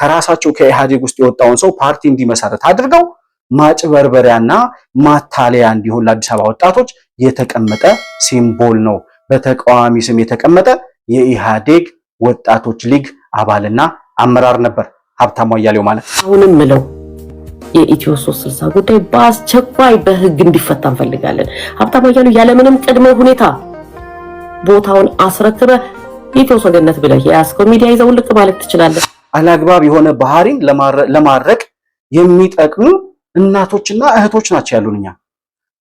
ከራሳቸው ከኢህአዴግ ውስጥ የወጣውን ሰው ፓርቲ እንዲመሰረት አድርገው ማጭበርበሪያና ማታለያ እንዲሆን ለአዲስ አበባ ወጣቶች የተቀመጠ ሲምቦል ነው። በተቃዋሚ ስም የተቀመጠ የኢህአዴግ ወጣቶች ሊግ አባልና አመራር ነበር ሀብታሙ አያሌው ማለት አሁንም ምለው የኢትዮ 360 ጉዳይ በአስቸኳይ በህግ እንዲፈታ እንፈልጋለን። ሀብታሙ አያሌው ያለምንም ቅድመ ሁኔታ ቦታውን አስረክበ የኢትዮ ሰገነት ብለህ የያዝከው ሚዲያ ይዘው ልቅ ማለት ትችላለን። አላግባብ የሆነ ባህሪን ለማድረግ የሚጠቅሙ እናቶችና እህቶች ናቸው ያሉን። እኛ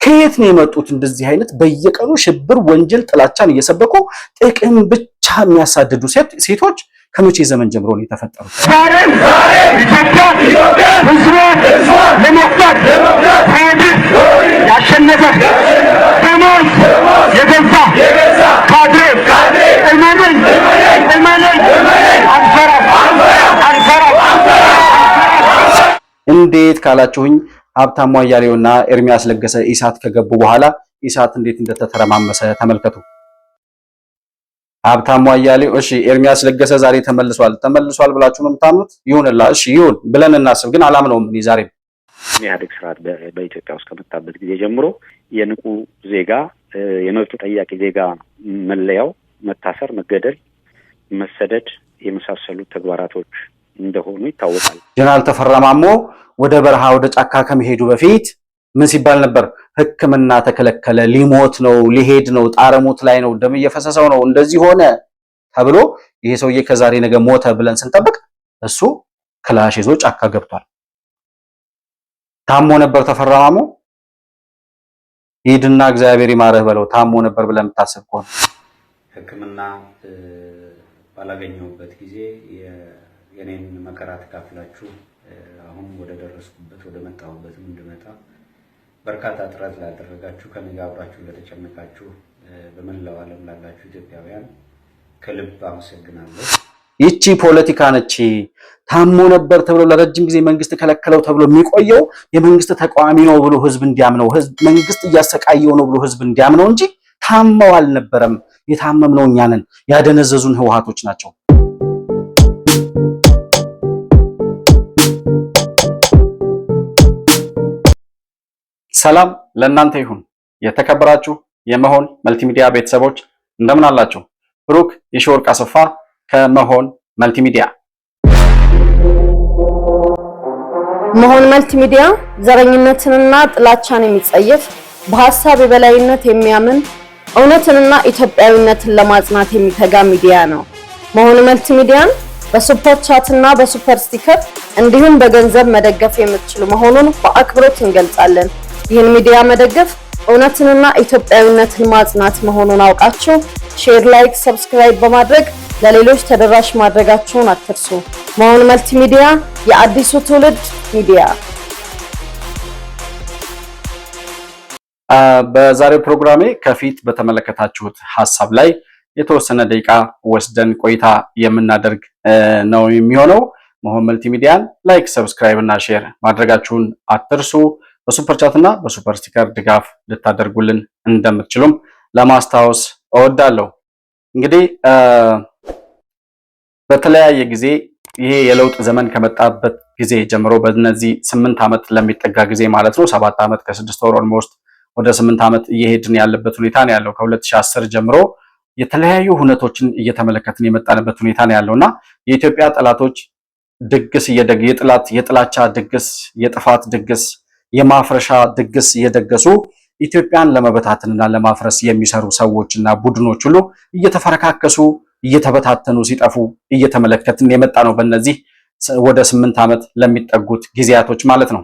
ከየት ነው የመጡት? እንደዚህ አይነት በየቀኑ ሽብር፣ ወንጀል፣ ጥላቻን እየሰበኩ ጥቅም ብቻ የሚያሳድዱ ሴቶች ከመቼ ዘመን ጀምሮ ነው የተፈጠሩት? ያሸነፈ እንዴት ካላችሁኝ ሀብታሙ አያሌውና ኤርሚያስ ለገሰ ኢሳት ከገቡ በኋላ ኢሳት እንዴት እንደተተረማመሰ ተመልከቱ። ሀብታሙ አያሌው እሺ፣ ኤርሚያስ ለገሰ ዛሬ ተመልሷል። ተመልሷል ብላችሁ ነው የምታምኑት? ይሁንላ፣ እሺ ይሁን ብለን እናስብ። ግን አላምነውም እኔ ዛሬም። ኢህአዴግ ስርዓት በኢትዮጵያ ውስጥ ከመጣበት ጊዜ ጀምሮ የንቁ ዜጋ የመብት ጠያቂ ዜጋ መለያው መታሰር፣ መገደል፣ መሰደድ የመሳሰሉ ተግባራቶች እንደሆኑ ይታወቃል። ጀነራል ተፈራ ማሞ ወደ በረሃ ወደ ጫካ ከመሄዱ በፊት ምን ሲባል ነበር? ሕክምና ተከለከለ፣ ሊሞት ነው፣ ሊሄድ ነው፣ ጣረሞት ላይ ነው፣ ደም እየፈሰሰው ነው፣ እንደዚህ ሆነ ተብሎ ይሄ ሰውዬ ከዛሬ ነገ ሞተ ብለን ስንጠብቅ እሱ ክላሽ ይዞ ጫካ ገብቷል። ታሞ ነበር ተፈራ ማሞ። ሂድና እግዚአብሔር ይማረህ በለው። ታሞ ነበር ብለን የምታስብ ከሆነ ሕክምና ባላገኘሁበት ጊዜ የኔን መከራ ተካፍላችሁ አሁን ወደ ደረስኩበት ወደ መጣሁበትም እንድመጣ በርካታ ጥረት ላደረጋችሁ ከኔ ጋር አብራችሁ ለተጨነቃችሁ በመላው ዓለም ላላችሁ ኢትዮጵያውያን ከልብ አመሰግናለሁ። ይቺ ፖለቲካ ነች። ታሞ ነበር ተብሎ ለረጅም ጊዜ መንግስት ከለከለው ተብሎ የሚቆየው የመንግስት ተቃዋሚ ነው ብሎ ህዝብ እንዲያምነው፣ መንግስት እያሰቃየው ነው ብሎ ህዝብ እንዲያምነው እንጂ ታመው አልነበረም። የታመምነው እኛንን ያደነዘዙን ህወሓቶች ናቸው። ሰላም ለእናንተ ይሁን። የተከበራችሁ የመሆን መልቲሚዲያ ቤተሰቦች እንደምን አላችሁ? ብሩክ የሺወርቅ አሰፋ ከመሆን መልቲሚዲያ። መሆን መልቲሚዲያ ዘረኝነትንና ጥላቻን የሚጸየፍ በሀሳብ የበላይነት የሚያምን እውነትንና ኢትዮጵያዊነትን ለማጽናት የሚተጋ ሚዲያ ነው። መሆን መልቲሚዲያን በሱፐር ቻት እና በሱፐር ስቲከር እንዲሁም በገንዘብ መደገፍ የምትችሉ መሆኑን በአክብሮት እንገልጻለን። ይህን ሚዲያ መደገፍ እውነትንና ኢትዮጵያዊነትን ማጽናት መሆኑን አውቃችሁ ሼር፣ ላይክ፣ ሰብስክራይብ በማድረግ ለሌሎች ተደራሽ ማድረጋችሁን አትርሱ። መሆን መልቲሚዲያ የአዲሱ ትውልድ ሚዲያ። በዛሬው ፕሮግራሜ ከፊት በተመለከታችሁት ሀሳብ ላይ የተወሰነ ደቂቃ ወስደን ቆይታ የምናደርግ ነው የሚሆነው። መሆን መልቲሚዲያን ላይክ፣ ሰብስክራይብ እና ሼር ማድረጋችሁን አትርሱ። በሱፐር ቻት እና በሱፐር ስቲከር ድጋፍ ልታደርጉልን እንደምትችሉም ለማስታወስ እወዳለሁ። እንግዲህ በተለያየ ጊዜ ይሄ የለውጥ ዘመን ከመጣበት ጊዜ ጀምሮ በነዚህ ስምንት ዓመት ለሚጠጋ ጊዜ ማለት ነው ሰባት ዓመት ከስድስት ወር ኦልሞስት ወደ ስምንት ዓመት እየሄድን ያለበት ሁኔታ ነው ያለው። ከ2010 ጀምሮ የተለያዩ ሁነቶችን እየተመለከትን የመጣንበት ሁኔታ ነው ያለው እና የኢትዮጵያ ጠላቶች ድግስ የጥላቻ ድግስ፣ የጥፋት ድግስ የማፍረሻ ድግስ እየደገሱ ኢትዮጵያን ለመበታተንና ለማፍረስ የሚሰሩ ሰዎችና ቡድኖች ሁሉ እየተፈረካከሱ እየተበታተኑ ሲጠፉ እየተመለከትን የመጣ ነው። በእነዚህ ወደ ስምንት ዓመት ለሚጠጉት ጊዜያቶች ማለት ነው።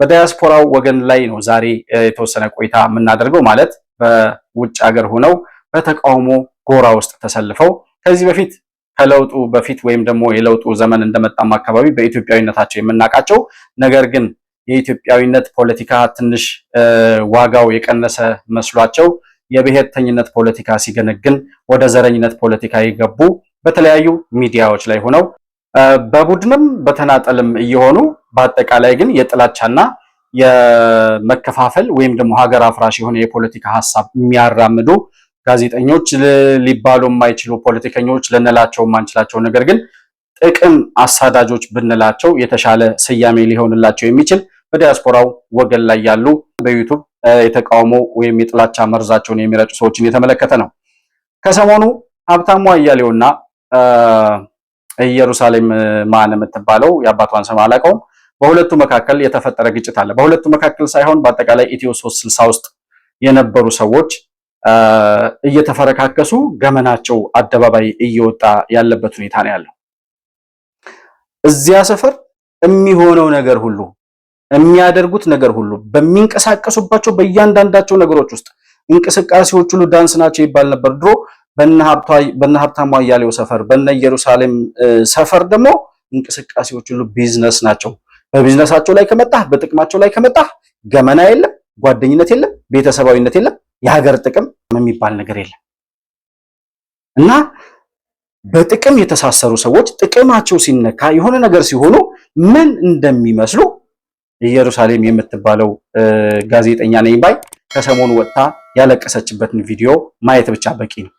በዳያስፖራው ወገን ላይ ነው ዛሬ የተወሰነ ቆይታ የምናደርገው። ማለት በውጭ ሀገር ሆነው በተቃውሞ ጎራ ውስጥ ተሰልፈው ከዚህ በፊት ከለውጡ በፊት ወይም ደግሞ የለውጡ ዘመን እንደመጣም አካባቢ በኢትዮጵያዊነታቸው የምናውቃቸው ነገር ግን የኢትዮጵያዊነት ፖለቲካ ትንሽ ዋጋው የቀነሰ መስሏቸው የብሔርተኝነት ፖለቲካ ሲገነግን ወደ ዘረኝነት ፖለቲካ የገቡ በተለያዩ ሚዲያዎች ላይ ሆነው በቡድንም በተናጠልም እየሆኑ በአጠቃላይ ግን የጥላቻና የመከፋፈል ወይም ደግሞ ሀገር አፍራሽ የሆነ የፖለቲካ ሀሳብ የሚያራምዱ ጋዜጠኞች ሊባሉ የማይችሉ ፖለቲከኞች ልንላቸው የማንችላቸው ነገር ግን ጥቅም አሳዳጆች ብንላቸው የተሻለ ስያሜ ሊሆንላቸው የሚችል በዲያስፖራው ወገን ላይ ያሉ በዩቱብ የተቃውሞ ወይም የጥላቻ መርዛቸውን የሚረጩ ሰዎችን የተመለከተ ነው። ከሰሞኑ ሀብታሙ አያሌውና ኢየሩሳሌም ማን የምትባለው የአባቷን ስም አላውቀውም፣ በሁለቱ መካከል የተፈጠረ ግጭት አለ። በሁለቱ መካከል ሳይሆን በአጠቃላይ ኢትዮ ሶስት ስልሳ ውስጥ የነበሩ ሰዎች እየተፈረካከሱ ገመናቸው አደባባይ እየወጣ ያለበት ሁኔታ ነው ያለው። እዚያ ስፍር የሚሆነው ነገር ሁሉ የሚያደርጉት ነገር ሁሉ በሚንቀሳቀሱባቸው በእያንዳንዳቸው ነገሮች ውስጥ እንቅስቃሴዎች ሁሉ ዳንስ ናቸው ይባል ነበር ድሮ። በነ ሀብታሙ አያሌው ሰፈር፣ በነ ኢየሩሳሌም ሰፈር ደግሞ እንቅስቃሴዎች ሁሉ ቢዝነስ ናቸው። በቢዝነሳቸው ላይ ከመጣህ በጥቅማቸው ላይ ከመጣህ ገመና የለም፣ ጓደኝነት የለም፣ ቤተሰባዊነት የለም፣ የሀገር ጥቅም የሚባል ነገር የለም እና በጥቅም የተሳሰሩ ሰዎች ጥቅማቸው ሲነካ የሆነ ነገር ሲሆኑ ምን እንደሚመስሉ ኢየሩሳሌም የምትባለው ጋዜጠኛ ነኝ ባይ ከሰሞኑ ወጥታ ያለቀሰችበትን ቪዲዮ ማየት ብቻ በቂ ነው።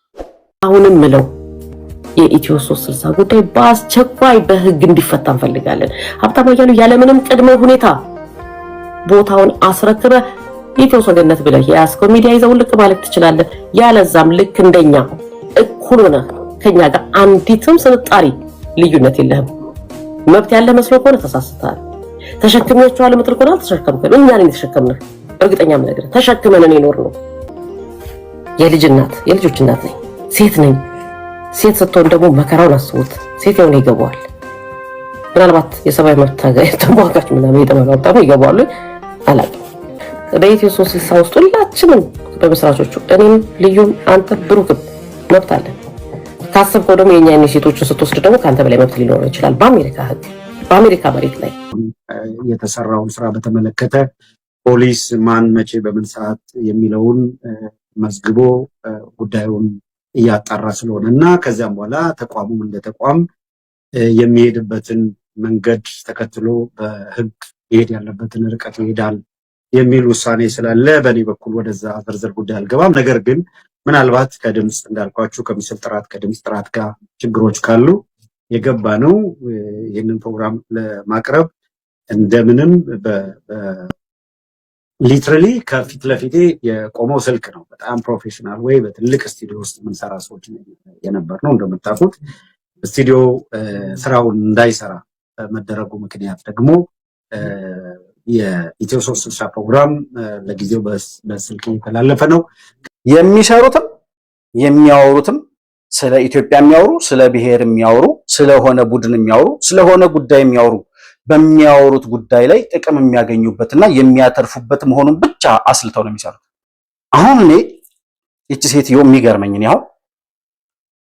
አሁንም ምለው የኢትዮ ሶስት ስልሳ ጉዳይ በአስቸኳይ በህግ እንዲፈታ እንፈልጋለን። ሀብታሙ እያሉ ያለምንም ቅድመ ሁኔታ ቦታውን አስረክበ የኢትዮ ሰገነት ብለ የያዝከው ሚዲያ ይዘው ልቅ ማለት ትችላለን። ያለዛም ልክ እንደኛ እኩል ሆነ ከኛ ጋር አንዲትም ስንጣሪ ልዩነት የለህም። መብት ያለ መስሎ ከሆነ ተሳስተሃል። ተሸክሚያቸዋል ምትል ከሆነ አልተሸከምክም። እኛ ነን የተሸከምነህ። እርግጠኛ የምነግርህ ተሸክመንን የኖር ነው። የልጅ እናት የልጆች እናት ነኝ፣ ሴት ነኝ። ሴት ስትሆን ደግሞ መከራውን አስቡት። ሴት የሆነ ይገባዋል። ምናልባት የሰብአዊ መብት ተሟጋች ምናምን የተመራጣ ይገባዋሉ አላውቅም። በኢትዮ ሶስት ስልሳ ውስጥ ሁላችንም በመስራቾቹ እኔም፣ ልዩም፣ አንተ ብሩክም መብት አለን። ካሰብከው ደግሞ የእኛ ሴቶችን ስትወስድ ደግሞ ከአንተ በላይ መብት ሊኖረው ይችላል በአሜሪካ ህግ በአሜሪካ መሬት ላይ የተሰራውን ስራ በተመለከተ ፖሊስ ማን መቼ በምን ሰዓት የሚለውን መዝግቦ ጉዳዩን እያጣራ ስለሆነ እና ከዚያም በኋላ ተቋሙም እንደ ተቋም የሚሄድበትን መንገድ ተከትሎ በህግ ይሄድ ያለበትን ርቀት ይሄዳል የሚል ውሳኔ ስላለ በእኔ በኩል ወደዛ ዝርዝር ጉዳይ አልገባም። ነገር ግን ምናልባት ከድምፅ እንዳልኳችሁ ከምስል ጥራት ከድምፅ ጥራት ጋር ችግሮች ካሉ የገባ ነው። ይህንን ፕሮግራም ለማቅረብ እንደምንም ሊትራሊ ከፊት ለፊቴ የቆመው ስልክ ነው። በጣም ፕሮፌሽናል ወይ በትልቅ ስቱዲዮ ውስጥ የምንሰራ ሰዎች የነበር ነው። እንደምታውቁት ስቱዲዮ ስራውን እንዳይሰራ በመደረጉ ምክንያት ደግሞ የኢትዮ ሶስት ስልሳ ፕሮግራም ለጊዜው በስልክ እየተላለፈ ነው። የሚሰሩትም የሚያወሩትም ስለ ኢትዮጵያ የሚያወሩ ስለ ብሔር የሚያወሩ ስለሆነ ቡድን የሚያወሩ ስለሆነ ጉዳይ የሚያወሩ በሚያወሩት ጉዳይ ላይ ጥቅም የሚያገኙበትና የሚያተርፉበት መሆኑን ብቻ አስልተው ነው የሚሰሩት። አሁን እኔ ይቺ ሴትዮ የሚገርመኝ ያው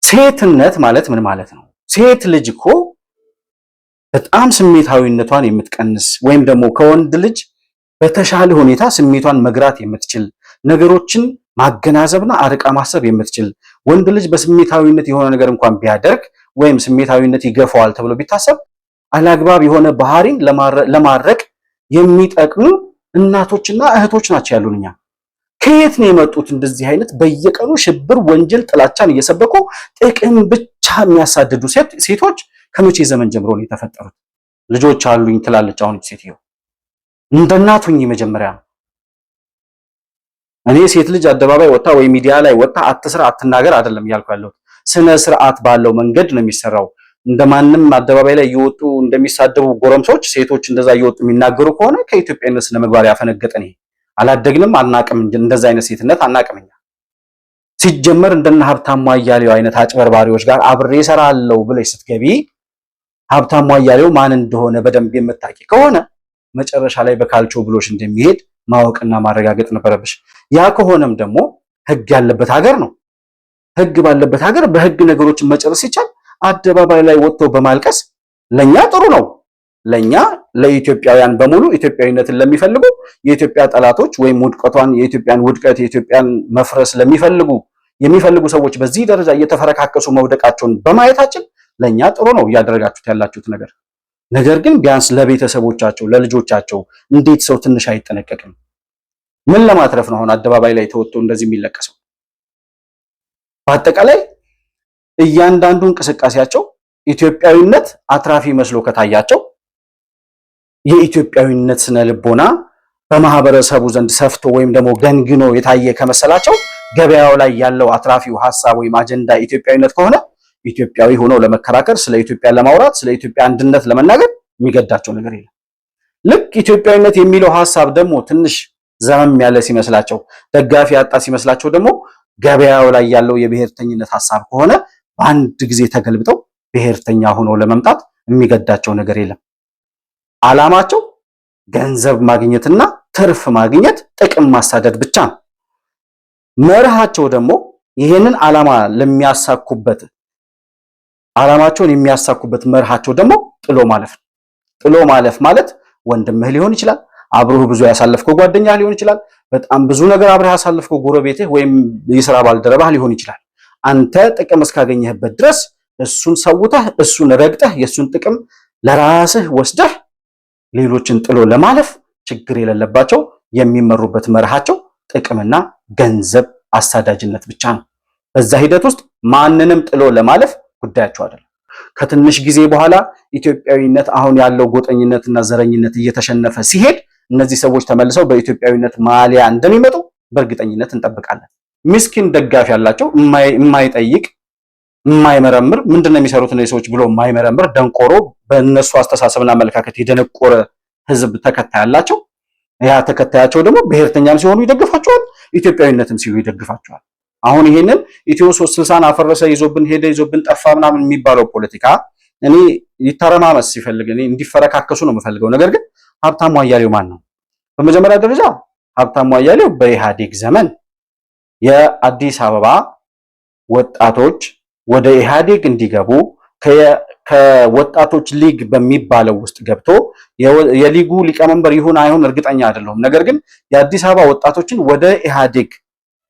ሴትነት ማለት ምን ማለት ነው? ሴት ልጅ እኮ በጣም ስሜታዊነቷን የምትቀንስ ወይም ደግሞ ከወንድ ልጅ በተሻለ ሁኔታ ስሜቷን መግራት የምትችል ነገሮችን ማገናዘብና አርቃ ማሰብ የምትችል ወንድ ልጅ በስሜታዊነት የሆነ ነገር እንኳን ቢያደርግ ወይም ስሜታዊነት ይገፋዋል ተብሎ ቢታሰብ አላግባብ የሆነ ባህሪን ለማድረቅ የሚጠቅሙ እናቶችና እህቶች ናቸው ያሉን። እኛ ከየት ነው የመጡት? እንደዚህ አይነት በየቀኑ ሽብር፣ ወንጀል፣ ጥላቻን እየሰበኩ ጥቅም ብቻ የሚያሳድዱ ሴቶች ከመቼ ዘመን ጀምሮ ነው የተፈጠሩት? ልጆች አሉኝ ትላለች አሁን ሴትዮ። እንደ እናቱኝ መጀመሪያ እኔ ሴት ልጅ አደባባይ ወጣ ወይ ሚዲያ ላይ ወጣ አትስራ አትናገር አይደለም እያልኩ ያለሁት ስነ ስርዓት ባለው መንገድ ነው የሚሰራው። እንደማንም አደባባይ ላይ እየወጡ እንደሚሳደቡ ጎረምሶች፣ ሴቶች እንደዛ እየወጡ የሚናገሩ ከሆነ ከኢትዮጵያነት ስነ ምግባር ያፈነገጠን ይሄ አላደግንም፣ አናቅም። እንደዛ አይነት ሴትነት አናቅም። ሲጀመር እንደነ ሀብታሙ አያሌው አይነት አጭበርባሪዎች ጋር አብሬ እሰራለሁ ብለሽ ስትገቢ ሀብታሙ አያሌው ማን እንደሆነ በደንብ የምታውቂ ከሆነ መጨረሻ ላይ በካልቾ ብሎሽ እንደሚሄድ ማወቅና ማረጋገጥ ነበረብሽ። ያ ከሆነም ደግሞ ህግ ያለበት ሀገር ነው። ህግ ባለበት ሀገር በህግ ነገሮችን መጨረስ ሲቻል አደባባይ ላይ ወጥተው በማልቀስ ለኛ ጥሩ ነው። ለኛ ለኢትዮጵያውያን በሙሉ ኢትዮጵያዊነትን ለሚፈልጉ የኢትዮጵያ ጠላቶች ወይም ውድቀቷን የኢትዮጵያን ውድቀት የኢትዮጵያን መፍረስ ለሚፈልጉ የሚፈልጉ ሰዎች በዚህ ደረጃ እየተፈረካከሱ መውደቃቸውን በማየታችን ለኛ ጥሩ ነው እያደረጋችሁት ያላችሁት ነገር። ነገር ግን ቢያንስ ለቤተሰቦቻቸው ለልጆቻቸው እንዴት ሰው ትንሽ አይጠነቀቅም? ምን ለማትረፍ ነው አሁን አደባባይ ላይ ተወጥቶ እንደዚህ የሚለቀሰው? በአጠቃላይ እያንዳንዱ እንቅስቃሴያቸው ኢትዮጵያዊነት አትራፊ መስሎ ከታያቸው የኢትዮጵያዊነት ስነ ልቦና በማህበረሰቡ ዘንድ ሰፍቶ ወይም ደግሞ ገንግኖ የታየ ከመሰላቸው ገበያው ላይ ያለው አትራፊው ሀሳብ ወይም አጀንዳ ኢትዮጵያዊነት ከሆነ ኢትዮጵያዊ ሆኖ ለመከራከር፣ ስለ ኢትዮጵያ ለማውራት፣ ስለ ኢትዮጵያ አንድነት ለመናገር የሚገዳቸው ነገር የለም። ልክ ኢትዮጵያዊነት የሚለው ሀሳብ ደግሞ ትንሽ ዘመም ያለ ሲመስላቸው፣ ደጋፊ ያጣ ሲመስላቸው ደግሞ ገበያው ላይ ያለው የብሔርተኝነት ሀሳብ ከሆነ በአንድ ጊዜ ተገልብጠው ብሔርተኛ ሆኖ ለመምጣት የሚገዳቸው ነገር የለም። አላማቸው ገንዘብ ማግኘትና ትርፍ ማግኘት፣ ጥቅም ማሳደድ ብቻ ነው። መርሃቸው ደግሞ ይህንን አላማ ለሚያሳኩበት አላማቸውን የሚያሳኩበት መርሃቸው ደግሞ ጥሎ ማለፍ ነው። ጥሎ ማለፍ ማለት ወንድምህ ሊሆን ይችላል። አብሮህ ብዙ ያሳለፍከው ጓደኛህ ሊሆን ይችላል። በጣም ብዙ ነገር አብረህ ያሳለፍከው ጎረቤትህ ወይም የስራ ባልደረባህ ሊሆን ይችላል። አንተ ጥቅም እስካገኘህበት ድረስ እሱን ሰውተህ እሱን ረግጠህ የእሱን ጥቅም ለራስህ ወስደህ ሌሎችን ጥሎ ለማለፍ ችግር የሌለባቸው የሚመሩበት መርሃቸው ጥቅምና ገንዘብ አሳዳጅነት ብቻ ነው። በዛ ሂደት ውስጥ ማንንም ጥሎ ለማለፍ ጉዳያቸው አይደለም። ከትንሽ ጊዜ በኋላ ኢትዮጵያዊነት አሁን ያለው ጎጠኝነትና ዘረኝነት እየተሸነፈ ሲሄድ እነዚህ ሰዎች ተመልሰው በኢትዮጵያዊነት ማሊያ እንደሚመጡ በእርግጠኝነት እንጠብቃለን። ምስኪን ደጋፊ ያላቸው የማይጠይቅ የማይመረምር ምንድን ነው የሚሰሩት እነዚህ ሰዎች ብሎ የማይመረምር ደንቆሮ፣ በእነሱ አስተሳሰብና አመለካከት የደነቆረ ህዝብ ተከታይ ያላቸው። ያ ተከታያቸው ደግሞ ብሔርተኛም ሲሆኑ ይደግፋቸዋል፣ ኢትዮጵያዊነትም ሲሉ ይደግፋቸዋል። አሁን ይሄንን ኢትዮ ሶስት ስልሳን አፈረሰ፣ ይዞብን ሄደ፣ ይዞብን ጠፋ ምናምን የሚባለው ፖለቲካ እኔ ይተረማመስ ሲፈልግ እኔ እንዲፈረካከሱ ነው የምፈልገው ነገር ግን ሀብታሙ አያሌው ማን ነው? በመጀመሪያ ደረጃ ሀብታሙ አያሌው በኢህአዴግ ዘመን የአዲስ አበባ ወጣቶች ወደ ኢህአዴግ እንዲገቡ ከወጣቶች ሊግ በሚባለው ውስጥ ገብቶ የሊጉ ሊቀመንበር ይሁን አይሁን እርግጠኛ አይደለሁም። ነገር ግን የአዲስ አበባ ወጣቶችን ወደ ኢህአዴግ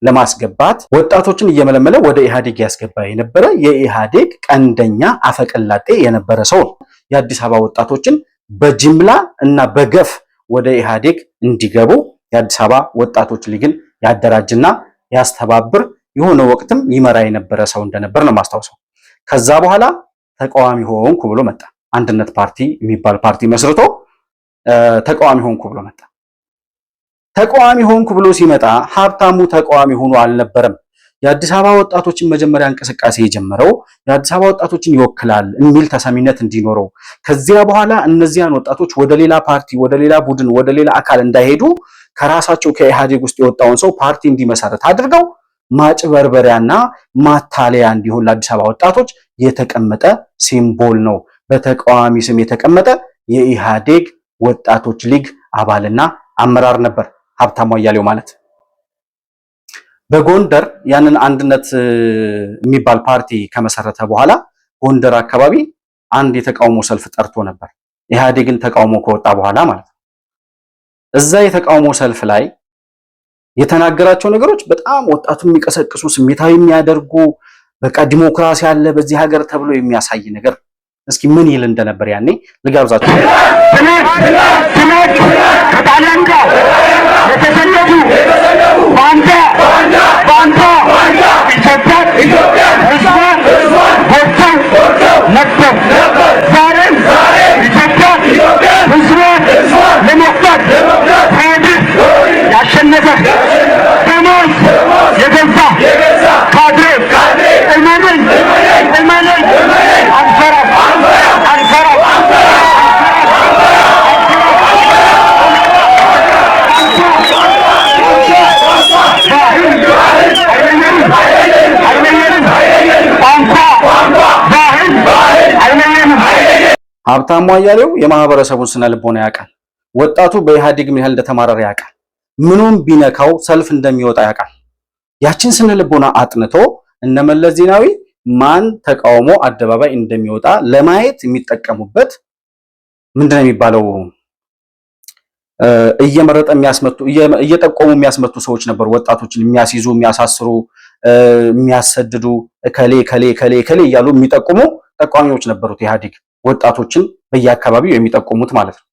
ለማስገባት ወጣቶችን እየመለመለ ወደ ኢህአዴግ ያስገባ የነበረ የኢህአዴግ ቀንደኛ አፈቀላጤ የነበረ ሰው ነው። የአዲስ አበባ ወጣቶችን በጅምላ እና በገፍ ወደ ኢህአዴግ እንዲገቡ የአዲስ አበባ ወጣቶች ሊግን ያደራጅና ያስተባብር የሆነ ወቅትም ይመራ የነበረ ሰው እንደነበር ነው ማስታውሰው። ከዛ በኋላ ተቃዋሚ ሆንኩ ብሎ መጣ። አንድነት ፓርቲ የሚባል ፓርቲ መስርቶ ተቃዋሚ ሆንኩ ብሎ መጣ። ተቃዋሚ ሆንኩ ብሎ ሲመጣ ሀብታሙ ተቃዋሚ ሆኖ አልነበረም። የአዲስ አበባ ወጣቶችን መጀመሪያ እንቅስቃሴ የጀመረው የአዲስ አበባ ወጣቶችን ይወክላል የሚል ተሰሚነት እንዲኖረው ከዚያ በኋላ እነዚያን ወጣቶች ወደ ሌላ ፓርቲ፣ ወደ ሌላ ቡድን፣ ወደ ሌላ አካል እንዳይሄዱ ከራሳቸው ከኢህአዴግ ውስጥ የወጣውን ሰው ፓርቲ እንዲመሰረት አድርገው ማጭበርበሪያና ማታለያ እንዲሆን ለአዲስ አበባ ወጣቶች የተቀመጠ ሲምቦል ነው። በተቃዋሚ ስም የተቀመጠ የኢህአዴግ ወጣቶች ሊግ አባልና አመራር ነበር ሀብታሙ አያሌው ማለት። በጎንደር ያንን አንድነት የሚባል ፓርቲ ከመሰረተ በኋላ ጎንደር አካባቢ አንድ የተቃውሞ ሰልፍ ጠርቶ ነበር። ኢህአዴግን ተቃውሞ ከወጣ በኋላ ማለት ነው። እዛ የተቃውሞ ሰልፍ ላይ የተናገራቸው ነገሮች በጣም ወጣቱ የሚቀሰቅሱ ስሜታዊ የሚያደርጉ በቃ ዲሞክራሲ አለ በዚህ ሀገር ተብሎ የሚያሳይ ነገር እስኪ ምን ይል እንደነበር ያኔ ልጋብዛችሁ። ከጣሊያን ጋር የተሰለፉ Banca! Banca! Banca! Banca! İçepler! İçepler! Rızvan! Rızvan! Borçam! Borçam! Nakber! Nakber! Zalim! Zalim! İçepler! İçepler! Rızvan! Rızvan! Demokrat! Demokrat! Tayyip! Yaşın Nefer! Yaşın ሀብታሙ አያሌው የማህበረሰቡን ስነ ልቦና ያውቃል። ወጣቱ በኢህአዴግ ምን ያህል እንደተማረረ ያውቃል። ምኑም ቢነካው ሰልፍ እንደሚወጣ ያውቃል። ያችን ስነ ልቦና አጥንቶ እነመለስ ዜናዊ ማን ተቃውሞ አደባባይ እንደሚወጣ ለማየት የሚጠቀሙበት ምንድነው የሚባለው እየመረጠ የሚያስመቱ እየጠቆሙ የሚያስመቱ ሰዎች ነበሩ። ወጣቶችን የሚያስይዙ፣ የሚያሳስሩ፣ የሚያሰድዱ ከሌ ከሌ ከሌ ከሌ እያሉ የሚጠቁሙ ጠቋሚዎች ነበሩት ኢህአዴግ። ወጣቶችን በየአካባቢው የሚጠቁሙት ማለት ነው።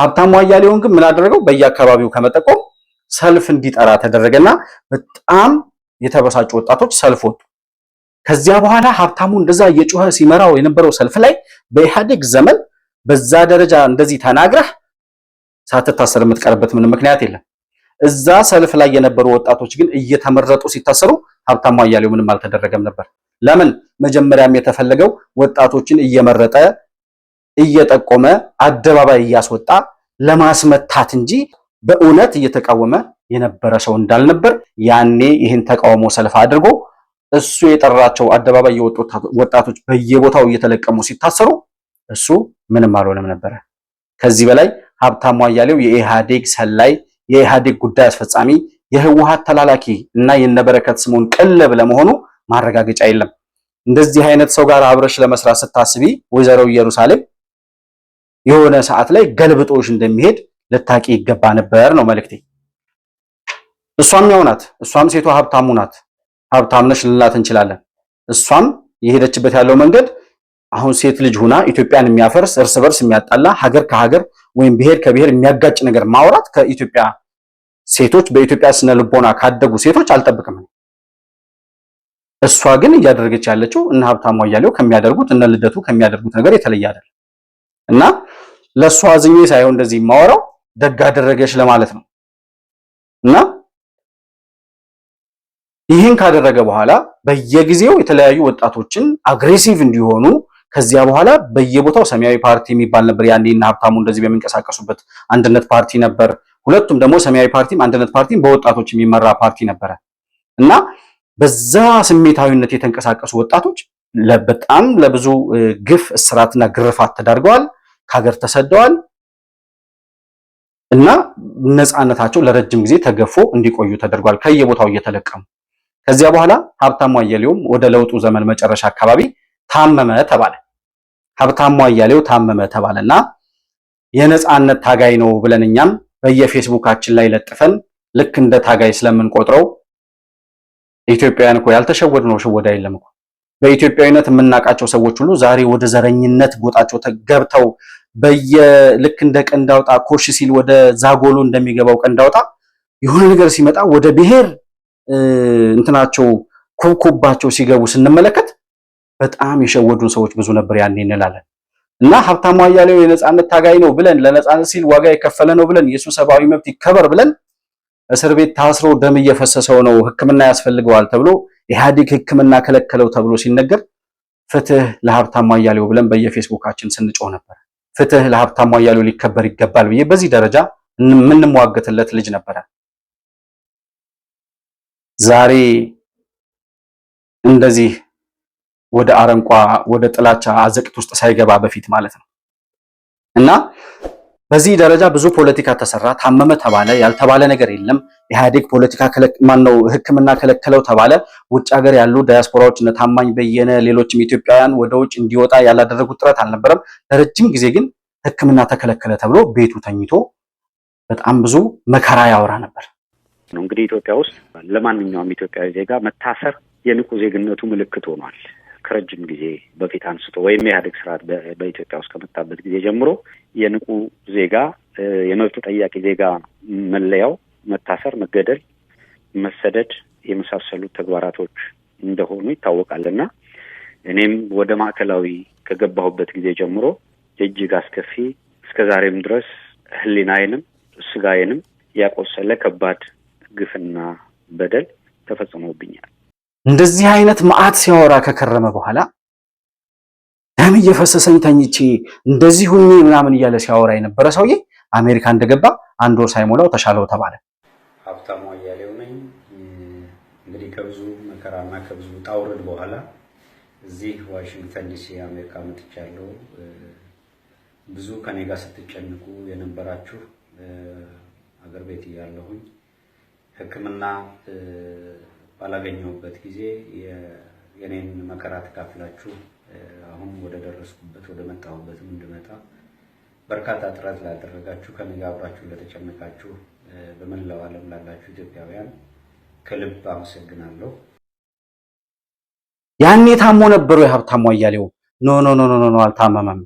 ሀብታሙ አያሌውን ግን ምን አደረገው? በየአካባቢው ከመጠቆም ሰልፍ እንዲጠራ ተደረገና በጣም የተበሳጩ ወጣቶች ሰልፍ ወጡ። ከዚያ በኋላ ሀብታሙ እንደዛ እየጮኸ ሲመራው የነበረው ሰልፍ ላይ በኢህአዴግ ዘመን በዛ ደረጃ እንደዚህ ተናግረህ ሳትታሰር የምትቀርበት ምንም ምክንያት የለም። እዛ ሰልፍ ላይ የነበሩ ወጣቶች ግን እየተመረጡ ሲታሰሩ ሀብታሙ አያሌው ምንም አልተደረገም ነበር። ለምን? መጀመሪያም የተፈለገው ወጣቶችን እየመረጠ እየጠቆመ አደባባይ እያስወጣ ለማስመታት እንጂ በእውነት እየተቃወመ የነበረ ሰው እንዳልነበር ያኔ ይህን ተቃውሞ ሰልፍ አድርጎ እሱ የጠራቸው አደባባይ የወጡ ወጣቶች በየቦታው እየተለቀሙ ሲታሰሩ እሱ ምንም አልሆነም ነበረ። ከዚህ በላይ ሀብታሙ አያሌው የኢህአዴግ ሰላይ፣ የኢህአዴግ ጉዳይ አስፈጻሚ፣ የህወሀት ተላላኪ እና የነበረከት ስምኦን ቅልብ ለመሆኑ ማረጋገጫ የለም። እንደዚህ አይነት ሰው ጋር አብረሽ ለመስራት ስታስቢ ወይዘሮ ኢየሩሳሌም የሆነ ሰዓት ላይ ገልብጦሽ እንደሚሄድ ልታቂ ይገባ ነበር ነው መልክቴ እሷም ያው ናት። እሷም ሴቷ ሀብታሙ ናት። ሀብታም ነሽ ልላት እንችላለን። እሷም የሄደችበት ያለው መንገድ አሁን ሴት ልጅ ሁና ኢትዮጵያን የሚያፈርስ እርስ በርስ የሚያጣላ ሀገር ከሀገር ወይም ብሔር ከብሔር የሚያጋጭ ነገር ማውራት ከኢትዮጵያ ሴቶች በኢትዮጵያ ስነ ልቦና ካደጉ ሴቶች አልጠብቅም። እሷ ግን እያደረገች ያለችው እነ ሀብታሙ እያሌው ከሚያደርጉት እነ ልደቱ ከሚያደርጉት ነገር የተለየ አይደለም። እና ለእሷ አዝኜ ሳይሆን እንደዚህ የማወራው ደግ አደረገች ለማለት ነው። እና ይህን ካደረገ በኋላ በየጊዜው የተለያዩ ወጣቶችን አግሬሲቭ እንዲሆኑ ከዚያ በኋላ በየቦታው ሰማያዊ ፓርቲ የሚባል ነበር ያኔ እና ሀብታሙ እንደዚህ በሚንቀሳቀሱበት አንድነት ፓርቲ ነበር። ሁለቱም ደግሞ ሰማያዊ ፓርቲም አንድነት ፓርቲም በወጣቶች የሚመራ ፓርቲ ነበረ እና በዛ ስሜታዊነት የተንቀሳቀሱ ወጣቶች በጣም ለብዙ ግፍ፣ እስራትና ግርፋት ተዳርገዋል። ከሀገር ተሰደዋል እና ነፃነታቸው ለረጅም ጊዜ ተገፎ እንዲቆዩ ተደርጓል፣ ከየቦታው እየተለቀሙ። ከዚያ በኋላ ሀብታሙ አያሌውም ወደ ለውጡ ዘመን መጨረሻ አካባቢ ታመመ ተባለ። ሀብታሙ አያሌው ታመመ እና የነፃነት ታጋይ ነው ብለን እኛም በየፌስቡካችን ላይ ለጥፈን ልክ እንደ ታጋይ ስለምንቆጥረው ኢትዮጵያውያን እኮ ያልተሸወድ ነው ሽወዳ የለም እኮ በኢትዮጵያዊነት የምናውቃቸው ሰዎች ሁሉ ዛሬ ወደ ዘረኝነት ጎጣቸው ገብተው በየልክ እንደ ቀንዳውጣ ኮሽ ሲል ወደ ዛጎሎ እንደሚገባው ቀንዳውጣ የሆነ ነገር ሲመጣ ወደ ብሔር እንትናቸው ኮብኮባቸው ሲገቡ ስንመለከት በጣም የሸወዱን ሰዎች ብዙ ነበር ያኔ እንላለን። እና ሀብታሙ አያሌው የነፃነት ታጋይ ነው ብለን ለነፃነት ሲል ዋጋ የከፈለ ነው ብለን የሱ ሰብአዊ መብት ይከበር ብለን እስር ቤት ታስሮ ደም እየፈሰሰው ነው፣ ሕክምና ያስፈልገዋል ተብሎ ኢህአዴግ ሕክምና ከለከለው ተብሎ ሲነገር ፍትህ ለሀብታሙ አያሌው ብለን በየፌስቡካችን ስንጮህ ነበር። ፍትህ ለሀብታሙ አያሌው ሊከበር ይገባል ብዬ በዚህ ደረጃ የምንሟገትለት ልጅ ነበረ። ዛሬ እንደዚህ ወደ አረንቋ ወደ ጥላቻ አዘቅት ውስጥ ሳይገባ በፊት ማለት ነው እና በዚህ ደረጃ ብዙ ፖለቲካ ተሰራ፣ ታመመ ተባለ፣ ያልተባለ ነገር የለም። ኢህአዴግ ፖለቲካ ማን ነው ህክምና ከለከለው ተባለ። ውጭ ሀገር ያሉ ዳያስፖራዎች እነ ታማኝ በየነ ሌሎችም ኢትዮጵያውያን ወደ ውጭ እንዲወጣ ያላደረጉት ጥረት አልነበረም። ለረጅም ጊዜ ግን ህክምና ተከለከለ ተብሎ ቤቱ ተኝቶ በጣም ብዙ መከራ ያወራ ነበር። እንግዲህ ኢትዮጵያ ውስጥ ለማንኛውም ኢትዮጵያዊ ዜጋ መታሰር የንቁ ዜግነቱ ምልክት ሆኗል። ከረጅም ጊዜ በፊት አንስቶ ወይም የኢህአዴግ ስርዓት በኢትዮጵያ ውስጥ ከመጣበት ጊዜ ጀምሮ የንቁ ዜጋ የመብት ጠያቂ ዜጋ መለያው መታሰር፣ መገደል፣ መሰደድ የመሳሰሉ ተግባራቶች እንደሆኑ ይታወቃል እና እኔም ወደ ማዕከላዊ ከገባሁበት ጊዜ ጀምሮ እጅግ አስከፊ እስከ ዛሬም ድረስ ህሊናዬንም ስጋዬንም ያቆሰለ ከባድ ግፍና በደል ተፈጽሞብኛል። እንደዚህ አይነት መዓት ሲያወራ ከከረመ በኋላ ደም እየፈሰሰኝ ተኝቼ እንደዚህ ሁኜ ምናምን እያለ ሲያወራ የነበረ ሰውዬ አሜሪካ እንደገባ አንድ ወር ሳይሞላው ተሻለው ተባለ። ሀብታሙ አያሌው ነኝ። እንግዲህ ከብዙ መከራና ከብዙ ጣውርድ በኋላ እዚህ ዋሽንግተን ዲሲ አሜሪካ መጥቻለሁ። ብዙ ከኔ ጋር ስትጨንቁ የነበራችሁ አገር ቤት እያለሁኝ ሕክምና ባላገኘሁበት ጊዜ የኔን መከራ ተካፍላችሁ አሁን ወደ ደረስኩበት ወደ መጣሁበትም እንድመጣ በርካታ ጥረት ላደረጋችሁ ከኔ ጋር አብራችሁ ለተጨነቃችሁ በመላው ዓለም ላላችሁ ኢትዮጵያውያን ከልብ አመሰግናለሁ። ያኔ ታሞ ነበሩ የሀብታሙ አያሌው ኖ ኖ ኖ ኖ አልታመመም።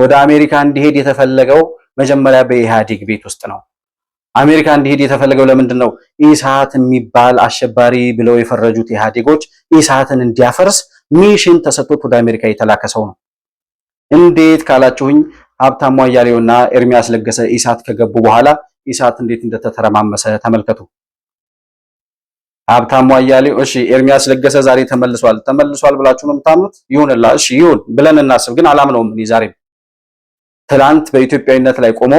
ወደ አሜሪካ እንዲሄድ የተፈለገው መጀመሪያ በኢህአዴግ ቤት ውስጥ ነው። አሜሪካ እንዲሄድ የተፈለገው ለምንድን ነው? ኢሳት የሚባል አሸባሪ ብለው የፈረጁት ኢህአዴጎች ኢሳትን እንዲያፈርስ ሚሽን ተሰጥቶት ወደ አሜሪካ የተላከ ሰው ነው። እንዴት ካላችሁኝ ሀብታሙ አያሌውና ኤርሚያስ ለገሰ ኢሳት ከገቡ በኋላ ኢሳት እንዴት እንደተተረማመሰ ተመልከቱ። ሀብታሙ አያሌው እሺ፣ ኤርሚያስ ለገሰ ዛሬ ተመልሷል። ተመልሷል ብላችሁ ነው የምታምኑት? ይሁንላ፣ እሺ ይሁን ብለን እናስብ። ግን አላምነውም እኔ ዛሬም። ትላንት በኢትዮጵያዊነት ላይ ቆሞ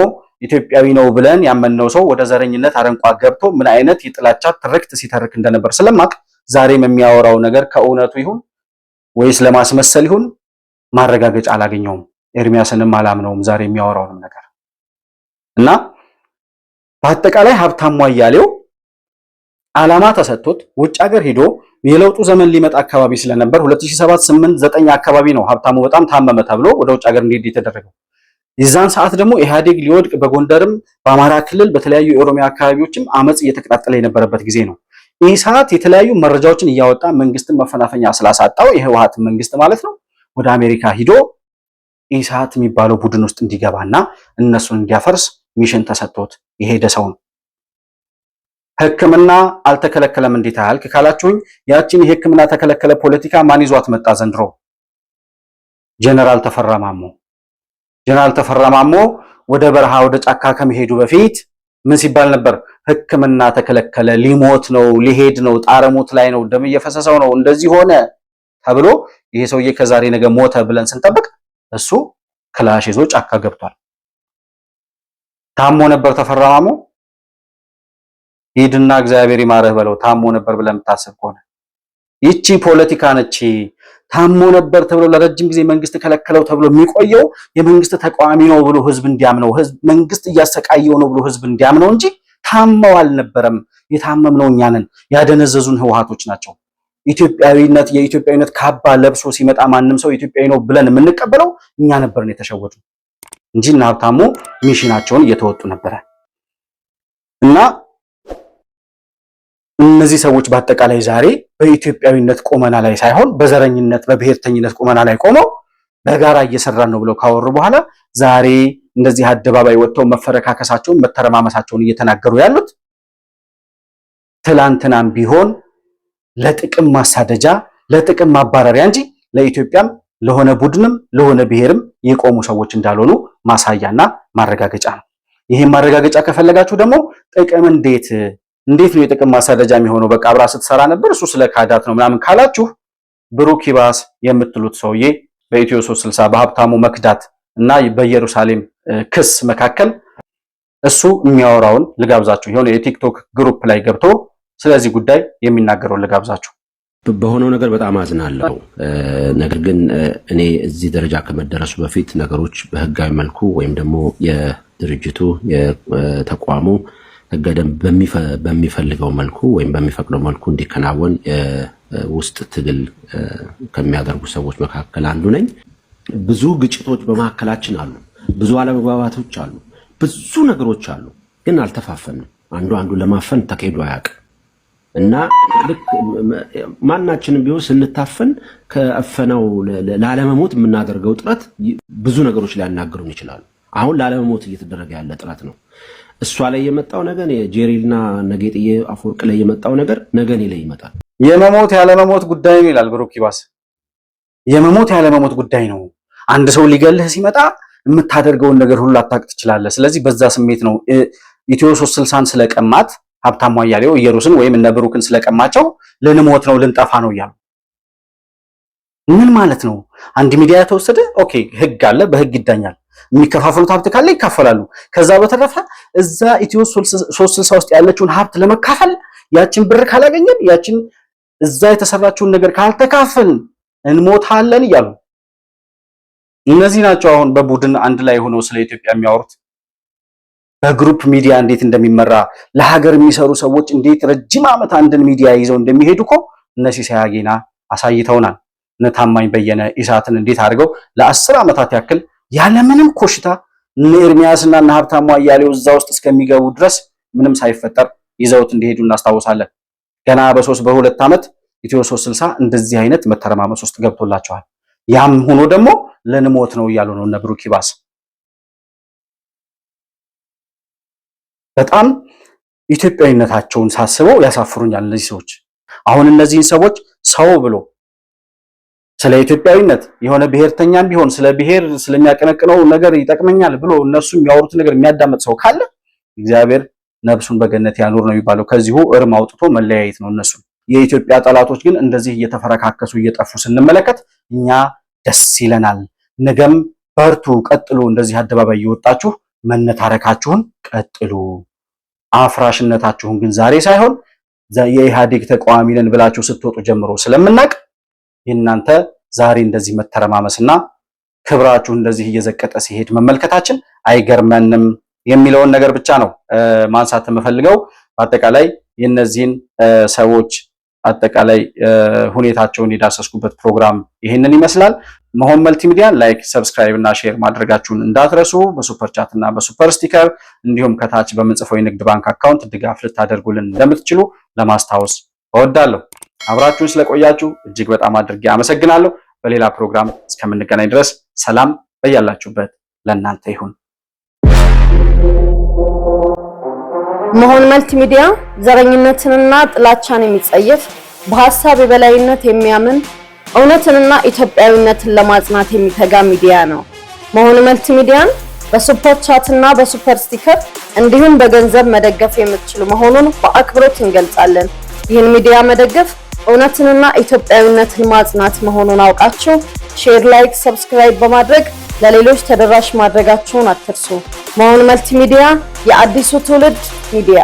ኢትዮጵያዊ ነው ብለን ያመነው ሰው ወደ ዘረኝነት አረንቋ ገብቶ ምን አይነት የጥላቻ ትርክት ሲተርክ እንደነበር ስለማቅ ዛሬም የሚያወራው ነገር ከእውነቱ ይሁን ወይስ ለማስመሰል ይሁን ማረጋገጫ አላገኘውም። ኤርሚያስንም አላምነውም ዛሬ የሚያወራውንም ነገር እና በአጠቃላይ ሀብታሙ አያሌው አላማ ተሰጥቶት ውጭ ሀገር ሄዶ የለውጡ ዘመን ሊመጣ አካባቢ ስለነበር 2007 8 9 አካባቢ ነው ሀብታሙ በጣም ታመመ ተብሎ ወደ ውጭ ሀገር እንዲሄድ የተደረገው። የዛን ሰዓት ደግሞ ኢህአዴግ ሊወድቅ በጎንደርም በአማራ ክልል በተለያዩ የኦሮሚያ አካባቢዎችም አመፅ እየተቀጣጠለ የነበረበት ጊዜ ነው። ይህ ሰዓት የተለያዩ መረጃዎችን እያወጣ መንግስትን መፈናፈኛ ስላሳጣው የህወሀት መንግስት ማለት ነው ወደ አሜሪካ ሂዶ ኢሳት የሚባለው ቡድን ውስጥ እንዲገባና እነሱን እንዲያፈርስ ሚሽን ተሰጥቶት የሄደ ሰው ነው። ህክምና አልተከለከለም እንዴት ያልክ ካላችሁኝ ያቺን የህክምና ተከለከለ ፖለቲካ ማን ይዟት መጣ ዘንድሮ? ጀነራል ተፈራ ማሞ። ጀነራል ተፈራ ማሞ ወደ በረሃ ወደ ጫካ ከመሄዱ በፊት ምን ሲባል ነበር? ህክምና ተከለከለ፣ ሊሞት ነው፣ ሊሄድ ነው፣ ጣረሞት ላይ ነው፣ ደም እየፈሰሰው ነው፣ እንደዚህ ሆነ ተብሎ ይሄ ሰውዬ ከዛሬ ነገ ሞተ ብለን ስንጠብቅ እሱ ክላሽ ይዞ ጫካ ገብቷል። ታሞ ነበር ተፈራ ማሞ ሂድና እግዚአብሔር ይማረህ በለው። ታሞ ነበር ብለህ የምታስብ ከሆነ ይቺ ፖለቲካ ነች። ታሞ ነበር ተብሎ ለረጅም ጊዜ መንግስት ከለከለው ተብሎ የሚቆየው የመንግስት ተቃዋሚ ነው ብሎ ህዝብ እንዲያምነው፣ መንግስት እያሰቃየው ነው ብሎ ህዝብ እንዲያምነው እንጂ ታመው አልነበረም። የታመምነው እኛንን ያደነዘዙን ህወሓቶች ናቸው። ኢትዮጵያዊነት የኢትዮጵያዊነት ካባ ለብሶ ሲመጣ ማንም ሰው ኢትዮጵያዊ ነው ብለን የምንቀበለው እኛ ነበርን የተሸወዱ እንጂ እና ሀብታሙ ሚሽናቸውን እየተወጡ ነበረ እና እነዚህ ሰዎች በአጠቃላይ ዛሬ በኢትዮጵያዊነት ቆመና ላይ ሳይሆን በዘረኝነት በብሔርተኝነት ቆመና ላይ ቆመው በጋራ እየሰራን ነው ብለው ካወሩ በኋላ ዛሬ እንደዚህ አደባባይ ወጥተው መፈረካከሳቸውን መተረማመሳቸውን እየተናገሩ ያሉት ትላንትናም ቢሆን ለጥቅም ማሳደጃ፣ ለጥቅም ማባረሪያ እንጂ ለኢትዮጵያም ለሆነ ቡድንም ለሆነ ብሔርም የቆሙ ሰዎች እንዳልሆኑ ማሳያና ማረጋገጫ ነው። ይህም ማረጋገጫ ከፈለጋችሁ ደግሞ ጥቅም እንዴት እንዴት ነው የጥቅም ማሳደጃ የሚሆነው? በቃ አብራ ስትሰራ ነበር እሱ ስለ ካዳት ነው ምናምን ካላችሁ ብሩክ ይባስ የምትሉት ሰውዬ በኢትዮ 360 በሀብታሙ መክዳት እና በኢየሩሳሌም ክስ መካከል እሱ የሚያወራውን ልጋብዛችሁ የሆነ የቲክቶክ ግሩፕ ላይ ገብቶ ስለዚህ ጉዳይ የሚናገረውን ልጋብዛችሁ። በሆነው ነገር በጣም አዝናለሁ። ነገር ግን እኔ እዚህ ደረጃ ከመደረሱ በፊት ነገሮች በህጋዊ መልኩ ወይም ደግሞ የድርጅቱ የተቋሙ ህገ ደንብ በሚፈልገው መልኩ ወይም በሚፈቅደው መልኩ እንዲከናወን የውስጥ ትግል ከሚያደርጉ ሰዎች መካከል አንዱ ነኝ። ብዙ ግጭቶች በመካከላችን አሉ። ብዙ አለመግባባቶች አሉ። ብዙ ነገሮች አሉ። ግን አልተፋፈንም። አንዱ አንዱ ለማፈን ተካሂዶ አያውቅም። እና ማናችንም ቢሆን ስንታፈን ከአፈናው ላለመሞት የምናደርገው ጥረት ብዙ ነገሮች ሊያናግሩን ይችላሉ። አሁን ላለመሞት እየተደረገ ያለ ጥረት ነው። እሷ ላይ የመጣው ነገር ጄሪልና ነጌጥዬ አፈወርቅ ላይ የመጣው ነገር ነገኔ ላይ ይመጣል። የመሞት ያለመሞት ጉዳይ ነው ይላል ብሩክ ይባስ። የመሞት ያለመሞት ጉዳይ ነው። አንድ ሰው ሊገልህ ሲመጣ የምታደርገውን ነገር ሁሉ አታውቅ ትችላለህ። ስለዚህ በዛ ስሜት ነው ኢትዮ ሶስት ስልሳን ስለቀማት ሀብታሙ አያሌው ኢየሩስን ወይም እነ ብሩክን ስለቀማቸው ልንሞት ነው ልንጠፋ ነው እያሉ ምን ማለት ነው? አንድ ሚዲያ የተወሰደ ኦኬ፣ ህግ አለ፣ በህግ ይዳኛል። የሚከፋፈሉት ሀብት ካለ ይካፈላሉ። ከዛ በተረፈ እዛ ኢትዮ ሶስት ስልሳ ውስጥ ያለችውን ሀብት ለመካፈል ያችን ብር ካላገኘን ያችን እዛ የተሰራችውን ነገር ካልተካፈልን እንሞታለን እያሉ እነዚህ ናቸው አሁን በቡድን አንድ ላይ ሆነው ስለ ኢትዮጵያ የሚያወሩት። በግሩፕ ሚዲያ እንዴት እንደሚመራ ለሀገር የሚሰሩ ሰዎች እንዴት ረጅም ዓመት አንድን ሚዲያ ይዘው እንደሚሄዱ እኮ እነ ሲሳይ አጌና አሳይተውናል። እነ ታማኝ በየነ ኢሳትን እንዴት አድርገው ለአስር ዓመታት ያክል ያለምንም ኮሽታ እነ ኤርሚያስና እነ ሀብታሙ አያሌው እዛ ውስጥ እስከሚገቡ ድረስ ምንም ሳይፈጠር ይዘውት እንደሄዱ እናስታውሳለን። ገና በሶስት በሁለት ዓመት ኢትዮ 360 እንደዚህ አይነት መተረማመስ ውስጥ ገብቶላቸዋል። ያም ሆኖ ደግሞ ለንሞት ነው እያሉ ነው እነ ብሩክ ይባስ በጣም ኢትዮጵያዊነታቸውን ሳስበው ያሳፍሩኛል እነዚህ ሰዎች። አሁን እነዚህን ሰዎች ሰው ብሎ ስለ ኢትዮጵያዊነት የሆነ ብሔርተኛም ቢሆን ስለ ብሔር ስለሚያቀነቅነው ነገር ይጠቅመኛል ብሎ እነሱ የሚያወሩት ነገር የሚያዳመጥ ሰው ካለ እግዚአብሔር ነብሱን በገነት ያኑር ነው የሚባለው። ከዚሁ እርም አውጥቶ መለያየት ነው እነሱ። የኢትዮጵያ ጠላቶች ግን እንደዚህ እየተፈረካከሱ እየጠፉ ስንመለከት እኛ ደስ ይለናል። ነገም በርቱ፣ ቀጥሎ እንደዚህ አደባባይ እየወጣችሁ መነታረካችሁን ቀጥሉ። አፍራሽነታችሁን ግን ዛሬ ሳይሆን የኢህአዴግ ተቃዋሚ ነን ብላችሁ ስትወጡ ጀምሮ ስለምናቅ የእናንተ ዛሬ እንደዚህ መተረማመስና ክብራችሁ እንደዚህ እየዘቀጠ ሲሄድ መመልከታችን አይገርመንም የሚለውን ነገር ብቻ ነው ማንሳት የምፈልገው። በአጠቃላይ የእነዚህን ሰዎች አጠቃላይ ሁኔታቸውን የዳሰስኩበት ፕሮግራም ይህንን ይመስላል። መሆን መልቲሚዲያ ላይክ፣ ሰብስክራይብ እና ሼር ማድረጋችሁን እንዳትረሱ። በሱፐር ቻት እና በሱፐር ስቲከር እንዲሁም ከታች በምንጽፈው የንግድ ባንክ አካውንት ድጋፍ ልታደርጉልን እንደምትችሉ ለማስታወስ እወዳለሁ። አብራችሁን ስለቆያችሁ እጅግ በጣም አድርጌ አመሰግናለሁ። በሌላ ፕሮግራም እስከምንገናኝ ድረስ ሰላም በያላችሁበት ለእናንተ ይሁን። መሆን መልቲ ሚዲያ ዘረኝነትንና ጥላቻን የሚጸየፍ በሀሳብ የበላይነት የሚያምን እውነትንና ኢትዮጵያዊነትን ለማጽናት የሚተጋ ሚዲያ ነው። ሞኑመንት ሚዲያን በሱፐር ቻት እና በሱፐር ስቲከር እንዲሁም በገንዘብ መደገፍ የምትችሉ መሆኑን በአክብሮት እንገልጻለን። ይህን ሚዲያ መደገፍ እውነትንና ኢትዮጵያዊነትን ማጽናት መሆኑን አውቃችሁ ሼር፣ ላይክ፣ ሰብስክራይብ በማድረግ ለሌሎች ተደራሽ ማድረጋችሁን አትርሱ። መሆን መልቲ ሚዲያ የአዲሱ ትውልድ ሚዲያ